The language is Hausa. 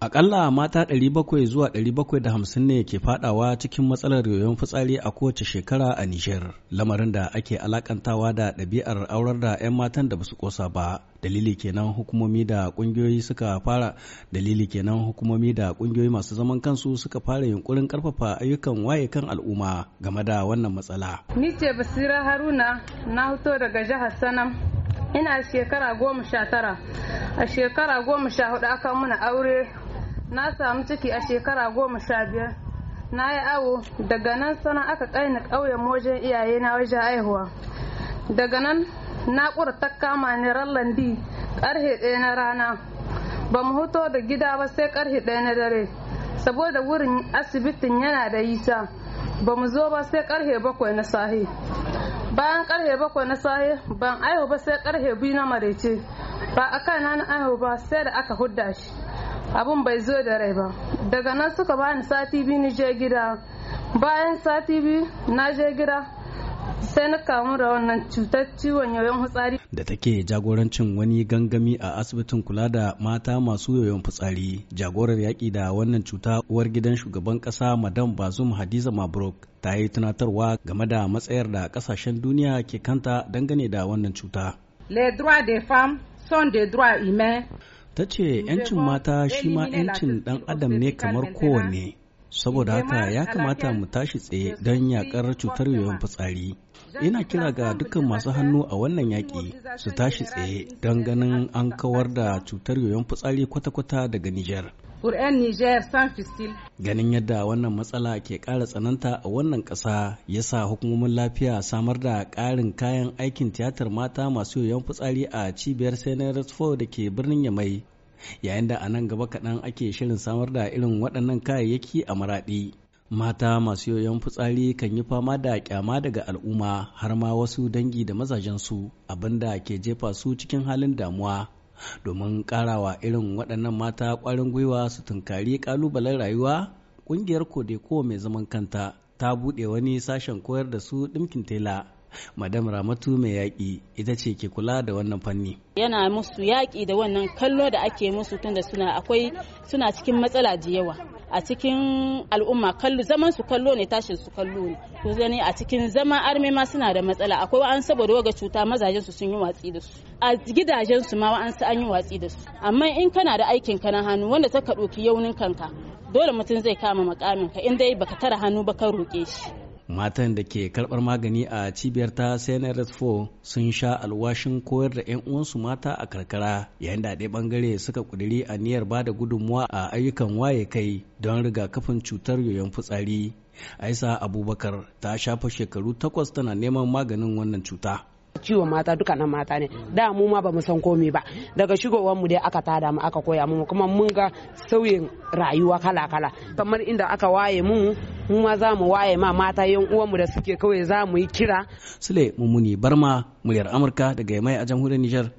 Akalla mata 700 zuwa 750 ne ke fadawa cikin matsalar yoyon fitsari a kowace shekara a Nijar, lamarin da ake alakantawa da ɗabi'ar aurar da 'yan matan da basu kosa ba. Dalili kenan hukumomi da kungiyoyi suka fara dalili kenan hukumomi da kungiyoyi masu zaman kansu suka fara yunkurin karfafa ayyukan waye kan al'umma game da wannan matsala. Ni ce Basira Haruna na hito daga jihar Sanam ina shekara goma sha tara a shekara goma sha hudu aka muna aure na samu ciki a shekara goma sha biyar na yi awo daga nan sana aka kaini ƙauyen wajen iyaye na wajen aihuwa daga nan na ta kama ni di ƙarhe ɗaya na rana ba mu huto da gida ba sai karhe ɗaya na dare saboda wurin asibitin yana da yisa ba mu zo ba sai karhe bakwai na sahi bayan karhe bakwai na sahi ban aihu ba sai karhe biyu na marece ba a kai na aihu ba sai da aka hudda shi abun bai zo da rai ba daga nan suka bani sati biyu ni je gida bayan sati biyu na je gida sai na kamu da wannan cutar ciwon yoyon fitsari da take jagorancin wani gangami a asibitin kula da mata masu yoyon fitsari jagorar yaƙi da wannan cuta uwar gidan shugaban ƙasa madam bazum hadiza mabrok ta yi tunatarwa game da matsayar da ƙasashen duniya ke kanta dangane da wannan cuta les droits des femmes sont des droits humains ta ce 'yancin mata shi ma 'yancin ɗan adam ne kamar kowanne saboda haka ya kamata mu tashi tsaye don yakar cutar yoyon fitsari ina kira ga dukkan masu hannu a wannan yaƙi su tashi tsaye don ganin an kawar da cutar yoyon fitsari kwata-kwata daga nijar kur'an Niger sans Ganin yadda wannan matsala ke ƙara tsananta a wannan ƙasa ya sa hukumomin lafiya samar da ƙarin kayan aikin tiyatar mata masu yoyon fitsari a cibiyar Senators da ke birnin Yamai. Yayin da a nan gaba kaɗan ake shirin samar da irin waɗannan kayayyaki a maraɗi. Mata masu yoyon fitsari kan yi fama da kyama daga al'umma har ma wasu dangi da mazajensu abinda ke jefa su cikin halin damuwa. domin karawa irin waɗannan mata ƙwarin gwiwa su tunkari ƙalubalen rayuwa ƙungiyar kodeko mai zaman kanta ta buɗe wani sashen koyar da su ɗinkin tela madam ramatu mai yaƙi ita ce ke kula da wannan fanni yana musu yaƙi da wannan kallo da ake musu tunda suna akwai suna cikin matsala da yawa a cikin al'umma kallo zaman su kallo ne tashin su kallo ne to zane a cikin zama arme ma suna da matsala akwai wa'an saboda waga cuta mazajen su sun yi watsi da su a gidajen su ma wa'an su an yi watsi da su amma in kana da aikin ka na hannu wanda ta ka ɗauki yaunin kanka dole mutum zai kama makamin ka in dai baka tara hannu ba ka roƙe shi matan da ke karɓar magani a cibiyar ta cnrs 4 sun sha alwashin koyar da 'yan uwansu mata a karkara yayin da ɗaya bangare suka a niyyar ba da gudunmuwa a ayyukan waye kai don rigakafin cutar yoyon fitsari aisa abubakar ta shafa shekaru takwas tana neman maganin wannan cuta ciwon mata duka nan mata ne da mu ma ba san komai ba daga shigowar mu dai aka tada mu aka koya mu kuma mun ga sauyin rayuwa kala kala kamar inda aka waye mu mu ma za mu waye ma mata yan uwanmu da suke kawai za mu yi kira sule mummuni barma muryar amurka daga yamai a jamhuriyar Nijar.